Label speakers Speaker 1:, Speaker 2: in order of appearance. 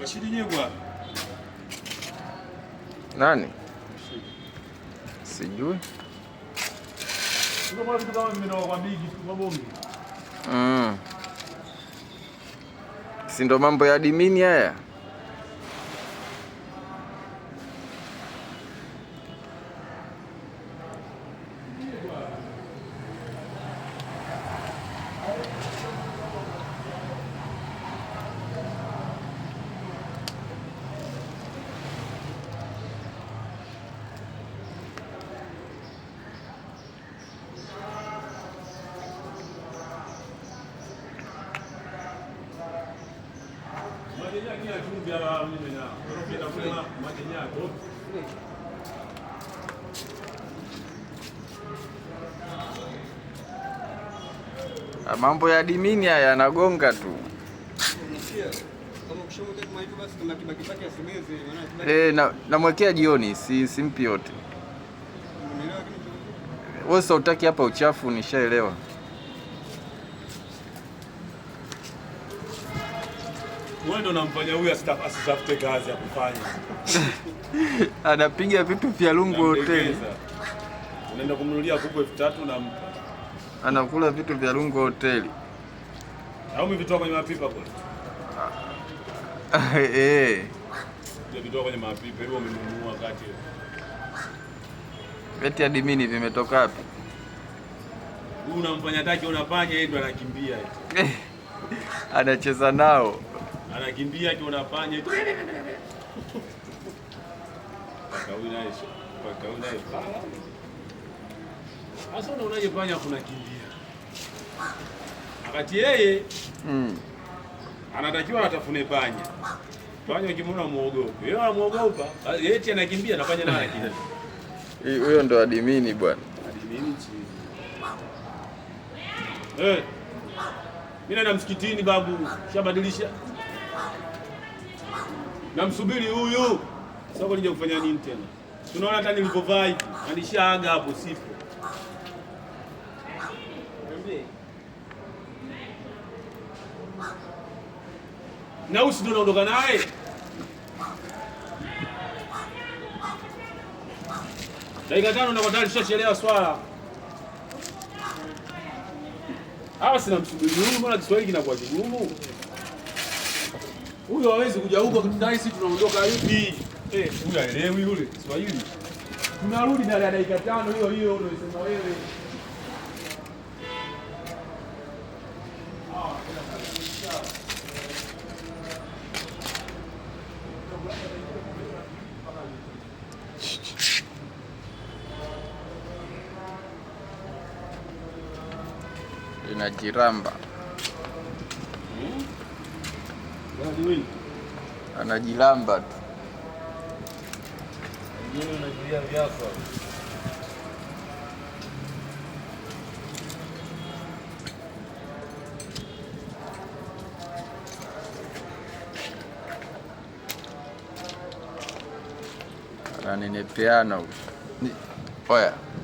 Speaker 1: Rashidi Nyegwa.
Speaker 2: Nani? Sijui. Mm. Si ndo mambo ya dimini haya? Ah, mambo ya dimini haya yanagonga tu e, namwekea na jioni, si simpi yote. Wewe utaki hapa uchafu, nishaelewa.
Speaker 1: Wewe ndo unamfanya huyu asitafute kazi ya kufanya.
Speaker 2: Anapiga vitu vya lungu hoteli? Unaenda kumnunulia kuku elfu tatu na anakula vitu vya lungu hoteli.
Speaker 1: Au umevitoa kwenye mapipa kule?
Speaker 2: Eh.
Speaker 1: Umevitoa eh. kwenye mapipa hivyo umenunua kati.
Speaker 2: Veti adimini vimetoka wapi?
Speaker 1: Huyu unamfanya taki unafanya yeye ndo anakimbia.
Speaker 2: Anacheza nao
Speaker 1: anakimbia tunafanya Sasa unaonaje panya kimbia? wakati yeye mm. anatakiwa atafune panya. Panya ukimwona muogope, yeye anamuogopa, yeye tena anakimbia na panya naye anakimbia.
Speaker 2: Huyo ndo adimini bwana, adimini chini.
Speaker 1: Eh, mimi na msikitini babu, shabadilisha namsubiri huyu sababu nija kufanya nini tena? Tunaona hata nilivyovaa hivi anishaaga hapo, sipo na usi ndo naondoka naye. Dakika tano na tayari shachelewa swala. Hawa sina msubiri huyu, mbona Kiswahili kinakuwa kigumu. Huyo hawezi kuja huko kutudai sisi tunaondoka hivi. Eh, huyo haelewi yule Kiswahili. Tunarudi ndani ya dakika tano hiyo hiyo unaisema wewe.
Speaker 2: Linajiramba. Anajilamba tu. Ananenepeana huyu. Oya.